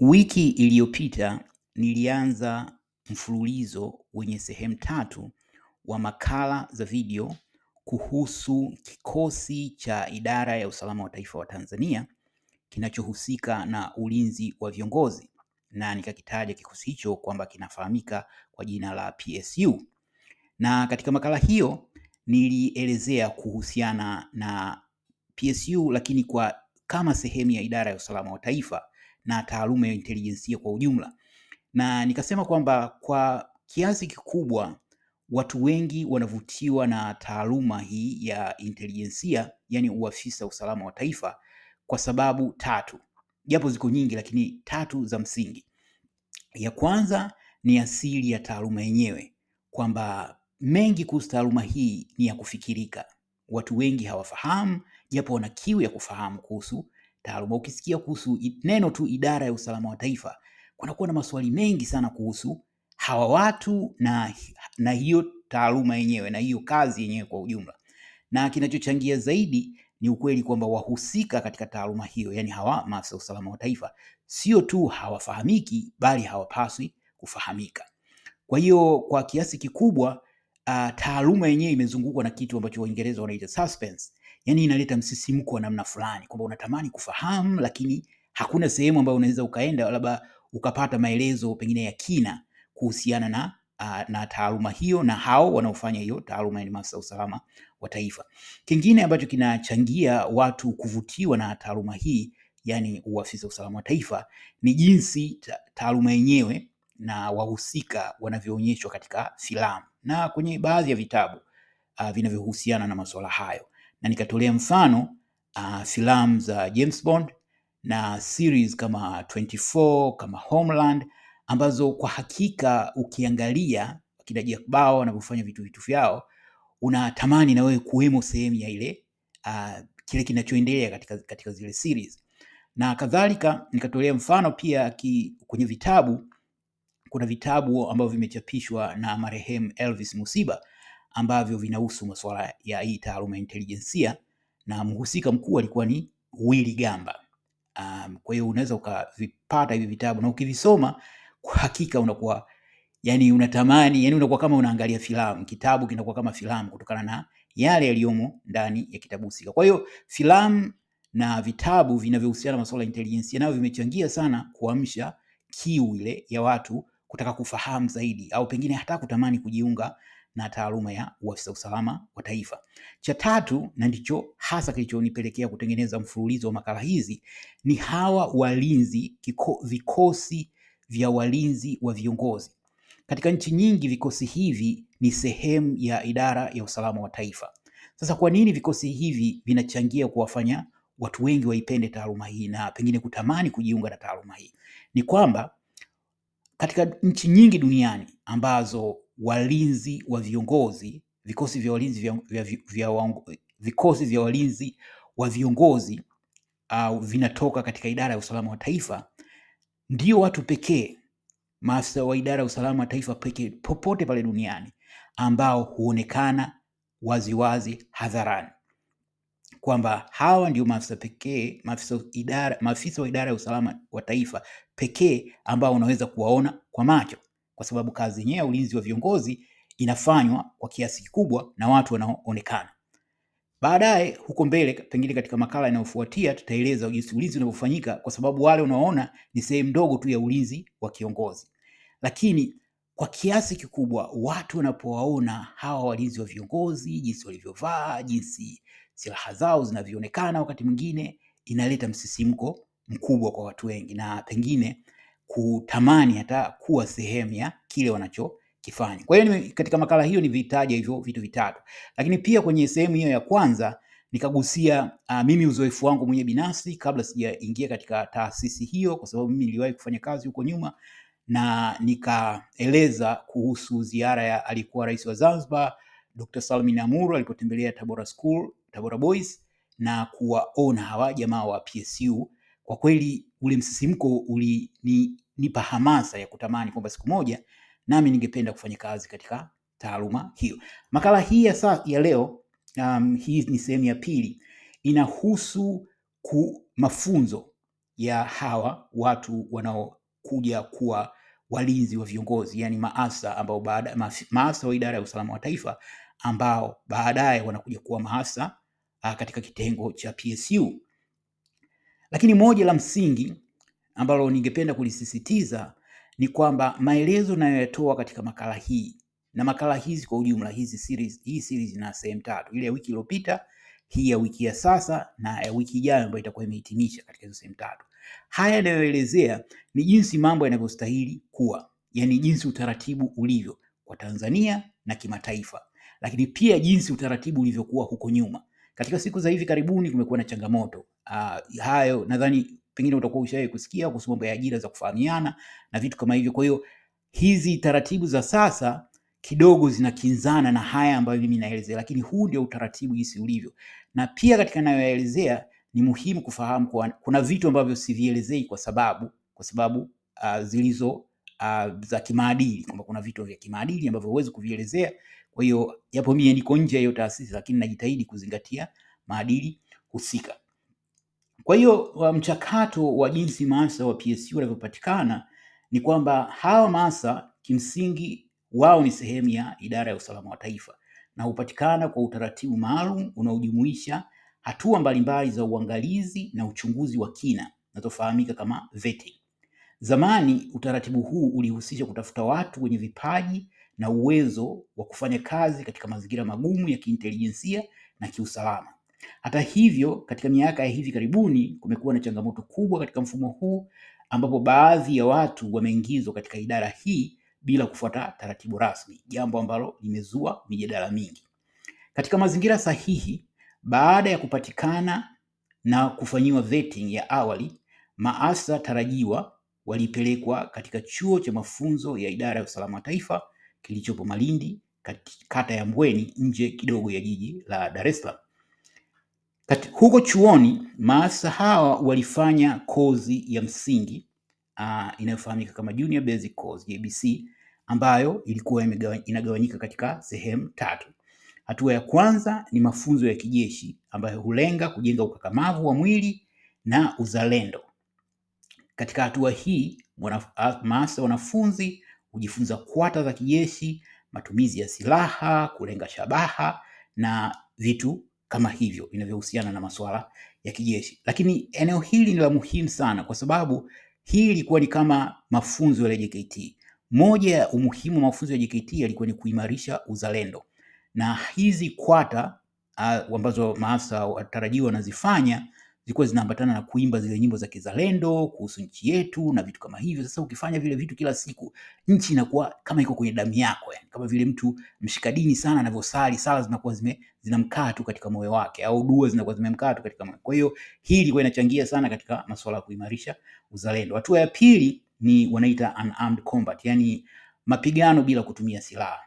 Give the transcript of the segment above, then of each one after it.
Wiki iliyopita nilianza mfululizo wenye sehemu tatu wa makala za video kuhusu kikosi cha idara ya usalama wa taifa wa Tanzania kinachohusika na ulinzi wa viongozi, na nikakitaja kikosi hicho kwamba kinafahamika kwa jina la PSU. Na katika makala hiyo nilielezea kuhusiana na PSU, lakini kwa kama sehemu ya idara ya usalama wa taifa na taaluma ya intelijensia kwa ujumla, na nikasema kwamba kwa kiasi kikubwa watu wengi wanavutiwa na taaluma hii ya intelijensia, yani uafisa usalama wa taifa, kwa sababu tatu, japo ziko nyingi, lakini tatu za msingi. Ya kwanza ni asili ya taaluma yenyewe, kwamba mengi kuhusu taaluma hii ni ya kufikirika. Watu wengi hawafahamu, japo wana kiu ya kufahamu kuhusu taaluma. Ukisikia kuhusu neno tu idara ya usalama wa taifa, kunakuwa na maswali mengi sana kuhusu hawa watu na, na hiyo taaluma yenyewe na hiyo kazi yenyewe kwa ujumla, na kinachochangia zaidi ni ukweli kwamba wahusika katika taaluma hiyo, yani hawa maafisa usalama wa taifa, sio tu hawafahamiki, bali hawapaswi kufahamika. Kwa hiyo kwa kiasi kikubwa uh, taaluma yenyewe imezungukwa na kitu ambacho Waingereza wanaita suspense, yani inaleta msisimko wa namna fulani kwamba unatamani kufahamu, lakini hakuna sehemu ambayo unaweza ukaenda labda ukapata maelezo pengine ya kina kuhusiana na uh, na taaluma hiyo na hao wanaofanya hiyo taaluma ya yaani maafisa usalama wa taifa. Kingine ambacho kinachangia watu kuvutiwa na taaluma hii yani uafisa usalama wa taifa ni jinsi taaluma yenyewe na wahusika wanavyoonyeshwa katika filamu na kwenye baadhi ya vitabu uh, vinavyohusiana na masuala hayo, na nikatolea mfano uh, filamu za James Bond na series kama 24 kama Homeland ambazo kwa hakika ukiangalia kina Jack Bauer wanavyofanya vitu vitu vyao unatamani na wewe kuwemo sehemu ya ile uh, kile kinachoendelea katika, katika zile series na kadhalika. Nikatolea mfano pia ki, kwenye vitabu kuna vitabu ambavyo vimechapishwa na marehemu Elvis Musiba ambavyo vinahusu masuala ya hii taaluma ya intelijensia na mhusika mkuu alikuwa ni Willy Gamba. Um, kwa hiyo unaweza ukavipata hivi vitabu na ukivisoma kwa hakika unakuwa yani unatamani yani unakuwa kama unaangalia filamu. Kitabu kinakuwa kama filamu kutokana na yale yaliyomo ndani ya kitabu husika. Kwa hiyo filamu na vitabu vinavyohusiana na masuala ya intelijensia navyo vimechangia sana kuamsha kiu ile ya watu kutaka kufahamu zaidi au pengine hata kutamani kujiunga na taaluma ya uafisa usalama wa taifa. Cha tatu na ndicho hasa kilichonipelekea kutengeneza mfululizo wa makala hizi ni hawa walinzi kiko, vikosi vya walinzi wa viongozi. Katika nchi nyingi vikosi hivi ni sehemu ya idara ya usalama wa taifa. Sasa kwa nini vikosi hivi vinachangia kuwafanya watu wengi waipende taaluma hii na pengine kutamani kujiunga na taaluma hii? Ni kwamba katika nchi nyingi duniani ambazo walinzi wa viongozi vikosi vya walinzi vya, vya, vya wango, vikosi vya walinzi wa viongozi uh, vinatoka katika idara ya usalama wa taifa, ndio watu pekee maafisa wa idara ya usalama wa taifa pekee popote pale duniani ambao huonekana waziwazi hadharani kwamba hawa ndio maafisa pekee maafisa wa idara ya usalama wa taifa pekee ambao unaweza kuwaona kwa macho, kwa sababu kazi yenyewe ya ulinzi wa viongozi inafanywa kwa kiasi kikubwa na watu wanaoonekana. Baadaye huko mbele, pengine katika makala inayofuatia, tutaeleza jinsi ulinzi unavyofanyika, kwa sababu wale unaoona ni sehemu ndogo tu ya ulinzi wa kiongozi, lakini kwa kiasi kikubwa watu wanapowaona hawa walinzi wa viongozi, jinsi walivyovaa, jinsi silaha zao zinavyoonekana, wakati mwingine inaleta msisimko mkubwa kwa watu wengi na pengine kutamani hata kuwa sehemu ya kile wanachokifanya. Kwa hiyo katika makala hiyo nivitaja hivyo vitu vitatu, lakini pia kwenye sehemu hiyo ya kwanza nikagusia uh, mimi uzoefu wangu mwenyewe binafsi kabla sijaingia katika taasisi hiyo, kwa sababu mimi niliwahi kufanya kazi huko nyuma, na nikaeleza kuhusu ziara ya aliyekuwa rais wa Zanzibar Dr. Salmin Amur alipotembelea Tabora School, Tabora Boys na kuwaona hawa jamaa wa PSU kwa kweli ule msisimko ulinipa hamasa ya kutamani kwamba siku moja nami ningependa kufanya kazi katika taaluma hiyo. Makala hii ya saa ya leo um, hii ni sehemu ya pili, inahusu ku mafunzo ya hawa watu wanaokuja kuwa walinzi wa viongozi, yani maasa ambao baada maasa wa idara ya usalama wa taifa ambao baadaye wanakuja kuwa maasa ah, katika kitengo cha PSU. Lakini moja la msingi ambalo ningependa kulisisitiza ni kwamba maelezo ninayoyatoa katika makala hii na makala hizi kwa ujumla, hizi series, hii series na sehemu tatu, ile ya wiki iliyopita, hii ya wiki ya sasa na ya wiki ijayo ambayo itakuwa imehitimisha katika hizo sehemu tatu. Haya yanayoelezea ni jinsi mambo yanavyostahili kuwa, yani jinsi utaratibu ulivyo kwa Tanzania na kimataifa, lakini pia jinsi utaratibu ulivyokuwa huko nyuma. Katika siku za hivi karibuni kumekuwa na changamoto uh, hayo nadhani pengine utakuwa ushawahi kusikia kuhusu mambo ya ajira za kufahamiana na vitu kama hivyo. Kwa hiyo hizi taratibu za sasa kidogo zinakinzana na haya ambayo mimi naelezea, lakini huu ndio utaratibu jinsi ulivyo. Na pia katika nayoyaelezea ni muhimu kufahamu kuna vitu ambavyo sivielezei kwa sababu kwa sababu uh, zilizo uh, za kimaadili, kwamba kuna vitu vya kimaadili ambavyo huwezi kuvielezea. Kwa hiyo japo mimi niko nje ya hiyo taasisi, lakini najitahidi kuzingatia maadili husika. Kwa hiyo mchakato wa jinsi maasa wa PSU wanavyopatikana ni kwamba hawa maasa kimsingi wao ni sehemu ya idara ya usalama wa taifa na hupatikana kwa utaratibu maalum unaojumuisha hatua mbalimbali za uangalizi na uchunguzi wa kina zinazofahamika kama vetting. Zamani utaratibu huu ulihusisha kutafuta watu wenye vipaji na uwezo wa kufanya kazi katika mazingira magumu ya kiintelijensia na kiusalama. Hata hivyo, katika miaka ya hivi karibuni kumekuwa na changamoto kubwa katika mfumo huu ambapo baadhi ya watu wameingizwa katika idara hii bila kufuata taratibu rasmi, jambo ambalo limezua mijadala mingi. Katika mazingira sahihi, baada ya kupatikana na kufanyiwa vetting ya awali, maafisa tarajiwa walipelekwa katika chuo cha mafunzo ya idara ya usalama wa taifa kilichopo Malindi kata ya Mbweni nje kidogo ya jiji la Dar es Salaam. Huko chuoni maafisa hawa walifanya kozi ya msingi uh, inayofahamika kama Junior Basic Course JBC ambayo ilikuwa inagawanyika katika sehemu tatu. Hatua ya kwanza ni mafunzo ya kijeshi ambayo hulenga kujenga ukakamavu wa mwili na uzalendo. Katika hatua hii maafisa wanafunzi hujifunza kwata za kijeshi, matumizi ya silaha, kulenga shabaha na vitu kama hivyo vinavyohusiana na masuala ya kijeshi. Lakini eneo hili ni la muhimu sana, kwa sababu hii ilikuwa ni kama mafunzo ya JKT. Moja ya umuhimu wa mafunzo ya JKT yalikuwa ni kuimarisha uzalendo, na hizi kwata ambazo maafisa watarajiwa wanazifanya zilikuwa zinaambatana na kuimba zile nyimbo za kizalendo kuhusu nchi yetu na vitu kama hivyo. Sasa ukifanya vile vitu kila siku, nchi inakuwa kama iko kwenye damu yako, yani eh. kama vile mtu mshikadini sana anavyosali, sala zinakuwa zime zinamkaa tu katika moyo wake, au dua zinakuwa zimemkaa tu katika moyo. Kwa hiyo hii ilikuwa inachangia sana katika masuala ya kuimarisha uzalendo. Hatua ya pili ni wanaita unarmed combat, yani mapigano bila kutumia silaha,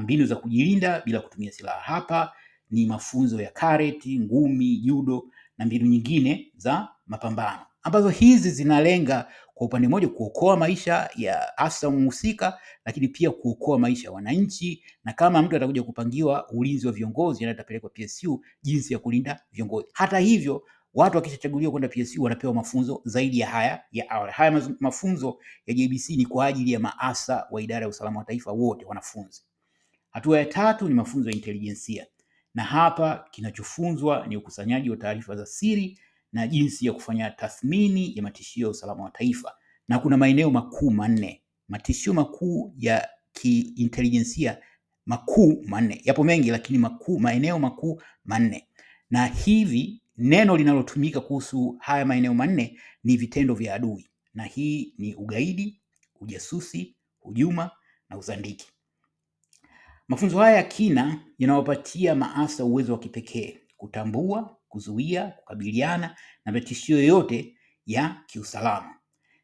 mbinu za kujilinda bila kutumia silaha. Hapa ni mafunzo ya karate, ngumi, judo na mbinu nyingine za mapambano ambazo hizi zinalenga kwa upande mmoja kuokoa maisha ya afisa mhusika, lakini pia kuokoa maisha ya wananchi, na kama mtu atakuja kupangiwa ulinzi wa viongozi na atapelekwa PSU, jinsi ya kulinda viongozi. Hata hivyo watu wakishachaguliwa kwenda PSU wanapewa mafunzo zaidi ya haya ya awali. Haya mafunzo ya JBC ni kwa ajili ya maafisa wa idara ya usalama wa taifa wote wanafunzi. Hatua ya tatu ni mafunzo ya intelijensia na hapa kinachofunzwa ni ukusanyaji wa taarifa za siri na jinsi ya kufanya tathmini ya matishio ya usalama wa taifa, na kuna maeneo makuu manne, matishio makuu ya kiintelijensia makuu manne. Yapo mengi, lakini makuu, maeneo makuu manne, na hivi neno linalotumika kuhusu haya maeneo manne ni vitendo vya adui, na hii ni ugaidi, ujasusi, hujuma na uzandiki. Mafunzo haya ya kina yanawapatia maafisa uwezo wa kipekee kutambua, kuzuia, kukabiliana na matishio yote ya kiusalama.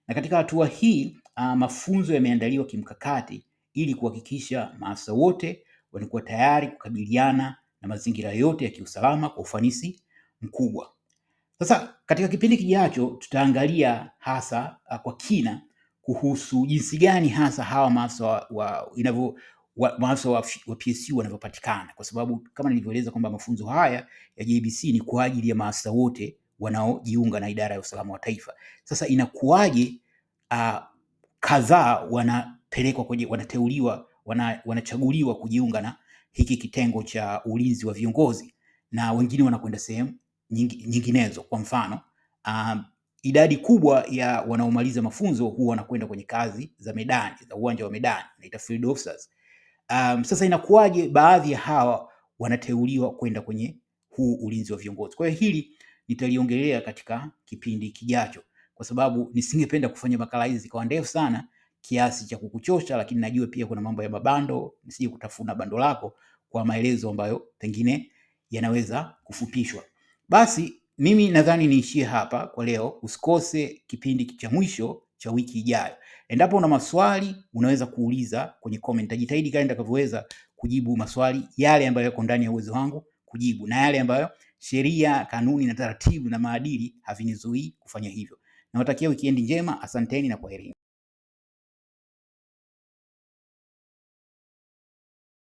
Na katika hatua hii uh, mafunzo yameandaliwa kimkakati ili kuhakikisha maafisa wote wanakuwa tayari kukabiliana na mazingira yote ya kiusalama kwa ufanisi mkubwa. Sasa katika kipindi kijacho tutaangalia hasa uh, kwa kina kuhusu jinsi gani hasa hawa maafisa wa, wa, maafisa wa, wa PSU wanavyopatikana, kwa sababu kama nilivyoeleza kwamba mafunzo haya ya JBC ni kwa ajili ya maafisa wote wanaojiunga na idara ya usalama wa taifa. Sasa inakuwaje uh, kadhaa wanapelekwa kwenye, wanateuliwa, wana, wanachaguliwa kujiunga na hiki kitengo cha ulinzi wa viongozi na wengine wanakwenda sehemu nyinginezo. Kwa mfano um, idadi kubwa ya wanaomaliza mafunzo huwa wanakwenda kwenye kazi za medani za uwanja wa medani, naita field officers. Um, sasa inakuwaje baadhi ya hawa wanateuliwa kwenda kwenye huu ulinzi wa viongozi? Kwa hiyo hili nitaliongelea katika kipindi kijacho, kwa sababu nisingependa kufanya makala hizi zikawa ndefu sana kiasi cha kukuchosha, lakini najua pia kuna mambo ya mabando, nisije kutafuna bando lako kwa maelezo ambayo pengine yanaweza kufupishwa. Basi mimi nadhani niishie hapa kwa leo. Usikose kipindi cha mwisho cha wiki ijayo. Endapo una maswali unaweza kuuliza kwenye comment. Nitajitahidi kile nitakavyoweza kujibu maswali yale ambayo yako ndani ya uwezo wangu kujibu na yale ambayo sheria, kanuni na taratibu na maadili havinizuii kufanya hivyo. Nawatakia wikendi njema, asanteni na kwaherini.